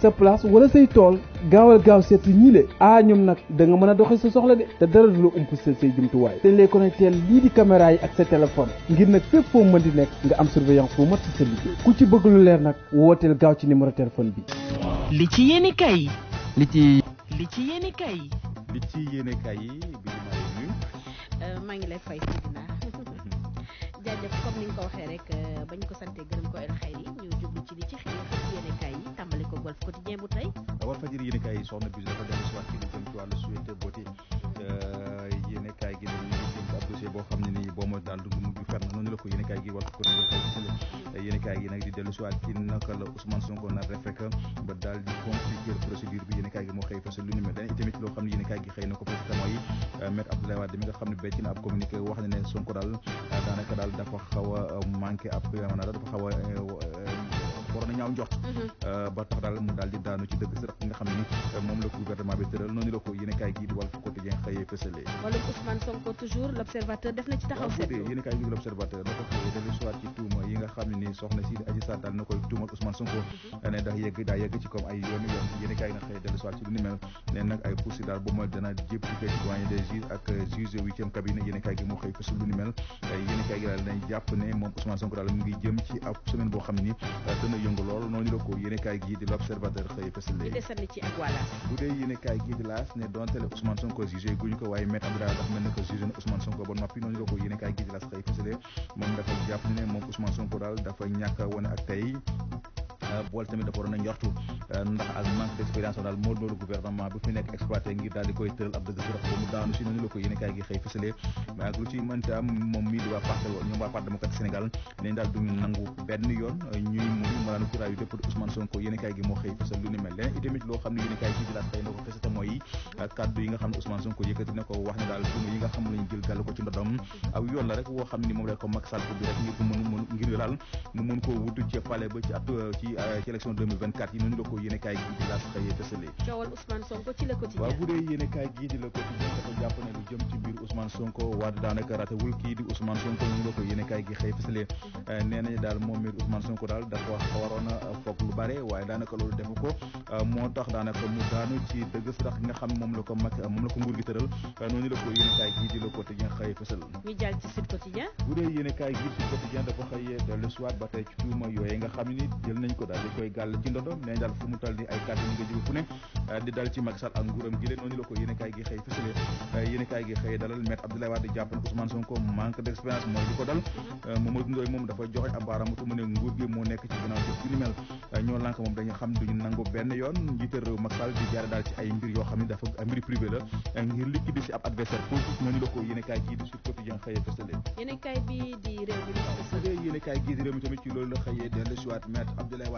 sa place wala say tool gaawal gaaw seet si ñii le ah nag da nga mën a dox sa soxla de te dara du la ump sa say jumtuwaay te ñu lay connecté lii di caméra yi ak sa téléphone ngir nag fépp foo mën di nekk nga am surveillance bu mat si sa liggéey ku ci bëgg lu leer nag wooteel gaaw ci numéro téléphone bi. li ci yéen kay. li ci. li ci yéen kay. li ci yéen kay bi euh, maa ngi lay fay. jërëjëf ni nga ko waxee rek euh, bañ ko sante gërëm ko El Khayri ñu jublu ci li ci xew ci yi tàmbali ko Walf Quotidien bu tey Walfadjri yéenekaay yi soxna bis dafa dellu si waat ci actualité boo xam ne nii boo mooy daal du mujj noonu la ko yéen kaay gi wax ko yéen kaay gi nag di dellu si waat naka la Ousmane Sonko nar def rek ba daal di compliquer procédure bi yéen kaay gi moo xëy fasal lu ni mel dañuy tamit loo xam ne yéen kaay gi xëy na ko président yi maître Abdoulaye Wade mi nga xam ne bécc na ab communiqué wax na ne Sonko daal daanaka daal dafa xaw a manqué ab maanaam dafa xaw a euh, waroon na ñaaw njort mhm. euh, ba tax daal mu daal di daanu ci dëgg sërëx nga xam ne euh, moom la gouvernement bi tëral noonu la ko yéen kaay gi di Walf Quotidien xëyee fësale wala Ousmane Sonko toujours l'observateur def na ci taxaw seetlu yéen kaay gi di l'observateur na ko dellu ci ni soxna si di Adji daal na koy tuumal Ousmane Sonko ne daa yegg daa yegg la ko yéen gi di xëy fësul bu moom dafa jàpp ne moom Ousmane Sonko daal fa ñàkk a woon ak tey bool tamit dafa waroon njortu euh, ndax ak manque d' daal moo doon gouvernement bi fi nekk exploité ngir daal di koy tëral ab dëgg surax mu daanu si noonu la ko yéen kaay gi xëy fësalee lu ci mënti am moom mii di waa parti ñoom euh, gi moo lu ni mel leneen itamit loo xam ne yéen kaay gi di mooy euh, kaddu yi nga xam ne Ousmane Sonko yëkkati na ko wax ne daal duma yi nga xam lañu jël gàll ko ci ndodom aw yoon la rek woo xam ci élection 2024 yi noonu la ko yéene kaay gii di laas xëyee jàpp ne lu jëm ci mbir Ousmane Sonko waa daanaka ratewul kii di Ousmane Sonko ko mm-hmm. eh, moom a eh, la ko mag gi tëral eh, la ko yéene kaay gii ñu jàll ci Sud Quotidien bu dee yéene kaay gii Sud Quotidien dafa xëyee dellu siwaat ba tey ci tuuma yooyu nga xam ni jël nañ ko daal di koy gàll ci ndodo ne daal fu mu toll ni ay kàddu nga jóge fu ne eh, di dal ci Macky Sall ak nguuram gi leen noonu la ko yéen kaay gi xëy fësale eh, yéen kaay gi xëy dalal maître Abdoulaye Wade jàpp na Ousmane Sonko manque d'expérience mooy di ko dal eh, Mamadou Ndoye moom dafa joxe ab baaraam mu ne nguur gi moo nekk ci ginnaaw jëf gi ni mel ñoo lànk moom dañu xam duñu nangu benn yoon njiital réew Macky Sall di jaare daal ci ay mbir yoo xam ne dafa mbir privé la ngir liquider si ab adversaire politique noonu la ko yéen kaay gi di Sud Quotidien xëy fësale yéen kaay bi di réew mi yéen kaay gi di réew mi tamit ci loolu la xëyee dellu si waat maître Abdoulaye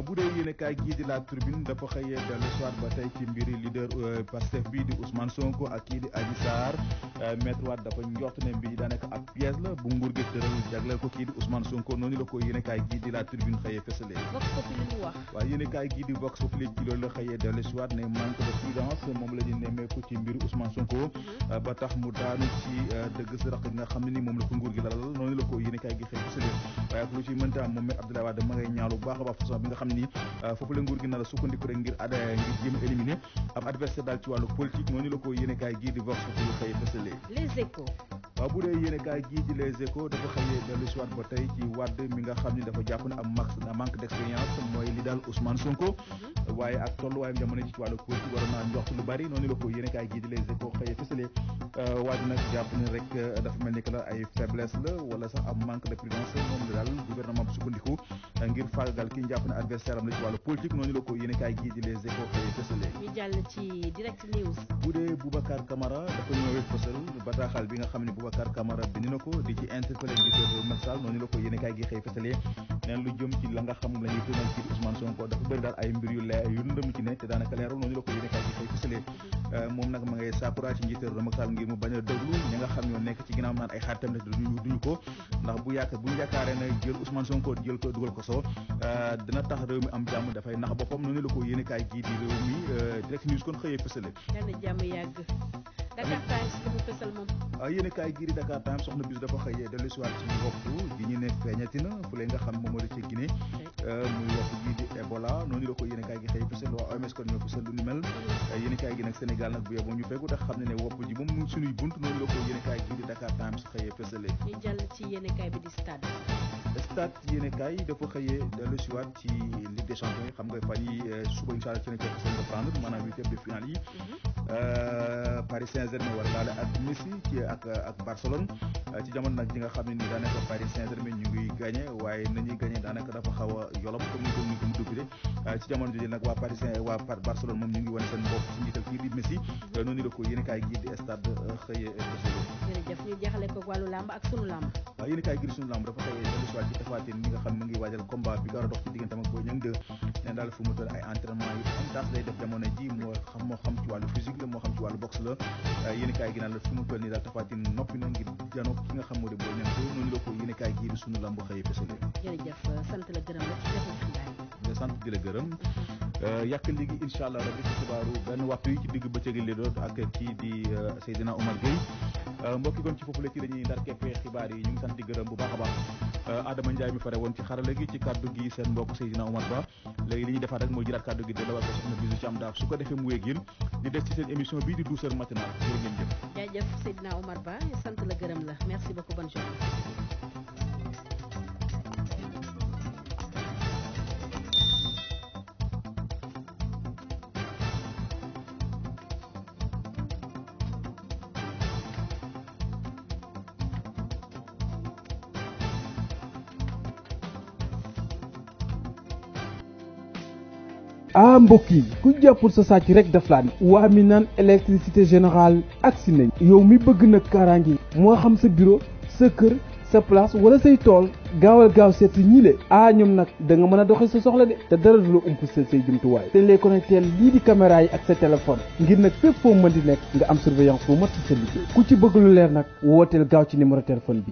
bu dee yéen a kaay gii di la tribune dafa xëyee dellu soir ba tey ci mbiri leader euh, Pastef bii di Ousmane Sonko ak kii di Adji Sarr euh, dafa njort ne mbir la bu nguur gi di Ousmane Sonko noonu la a kaay xëyee fësale waaw a kaay ne mm-hmm. euh, moom la ko nguur gi lalal noonu la ko yéen a gi xëy fësale waaye ak lu ci mënta moom Abdoulaye Wade ma ngay ñaalu baax a baax nga xam ni euh, foofu la nguur gi nar a sukkandiku rek ngir ada ngir jëm éliminer ab adversaire daal ci wàllu politique noonu la ko yéene kaay gii di vox foofu la xëy fësalee bu dee yéen kaay gii di les échos dafa xëyee dellu si waat ba tey ci Wade mi nga xam ne dafa jàpp ne am max manque d' expérience mooy li daal Ousmane Sonko mhm. waaye ak tolluwaayam jamono ci wàllu politique war naa njox lu bari noonu la ko yéen kaay gii di les échos xëyee fësale euh, Wade nag euh, euh, jàll ci direct news bu dee Boubacar Camara dafa ñëwee fësal bataaxal bi nga xam ne Boubacar Camara bi ni na ko di ci interpellé njiitu réew Macky noonu la ko yéene kaay gi xëy neen lu jëm ci la nga xam ne te daanaka leerul noonu euh, ngir mu bañ a déglu ñi nga xam ñoo nekk ci ginnaaw naan ay xaritam rek duñu duñu ko ndax bu yàq bu ñu na jël Ousmane Sonko jël ko dugal ko so euh, dina tax réew mi am jàmm dafay nax boppam noonu la ko yéene kaay di réew mi euh, direct news kon xëyee fësale Euh, yéen a kaay gii di Dakar Times soxna bis dafa xëyee dellu si waat ci wopp gi ñu ne feeñati fu lay nga xam moom la ci Guinée euh, muy wopp gii di Ebola noonu la ko yéen a kaay gi xëy euh, bu yeboo ñu fegu tax xam ne ne wopp ji a kaay gii di Dakar Times xëyee fësale ñu jàll ci yéen a kaay bi di stade stade yéen dafa xëyee dellu si ci Ligue de champions yi xam nga fan yi suba incha allah ci na cee fësal reprendre maanaam huitième de finale yi mhm. Paris Saint-Germain war laale ak Messi ak ak Barcelone ci jamono nag ji nga xam ne ni daanaka Paris Saint-Germain ñu ngi gagné waaye nañuy gagné daanaka dafa xaw a yolom comme ko ni ko mu dubbide ci jamono jooju nag waa Paris Saint waa Barcelone moom ñu ngi wane seen bopp ci njiital kii di Messi noonu la ko yéen kaay gii di stade xëye wàllu làmb ak sunu làmb waaw yéen kaay gir sunu làmb dafa xëy dellusiwaat ci Tapha Tine mi nga xam ne ngi waajal combat bi war a dox ci digganteem ak Boy Niang 2 ne daal fu mu toll ay entraînement yu am daas lay def jamono ji moo xam moo xam ci wàllu physique la moo xam ci wàllu boxe la yéen kaay gi naan la fu mu toll nii daal Tapha Tine noppi na ngir janoog ki nga xam moo di Boy Niang 2 noonu la ko yéen kaay gir sunu làmb xëy fësale jërëjëf sant la gërëm la ci defal sant di la gërëm euh, yàq léegi incha allah rabi ci xibaaru benn waxtu yi ci digg bëccëg li doon ak kii di euh, Seydina Omar Gueye Euh, mbokki kon ci foofu la ci dañuy ndar keppee xibaar yi ñu ngi sant di gërëm bu baax a baax euh, Adama Ndiaye mi fare woon ci xarala gi ci kaddu gi seen mbokk Seydina Omar Ba léegi li ñuy defaat rek mooy jëlaat kaddu gi delloo ko soxna bisu Thiam daaf su ko defee mu wéeg di des ci seen émission bii di douze heures matinal jërë ngeen jëf jaajëf ah mbokk yi ku jàppul sa sàcc rek daf laan waa mi naan électricité ak si nañ yow mi bëgg nag kaaraange moo xam sa bureau sa kër sa place wala say tool gaawal gaaw seet si ñi ah ñoom nag da nga mën a doxe sa soxla de te dara du la ump sa say jumtuwaay te ñu lay connecté lii di caméra yi ak sa téléphone ngir nag fépp foo mën di nekk nga am surveillance bu mat sa liggéey ku ci bëgg lu leer nag wooteel gaaw ci numéro téléphone bi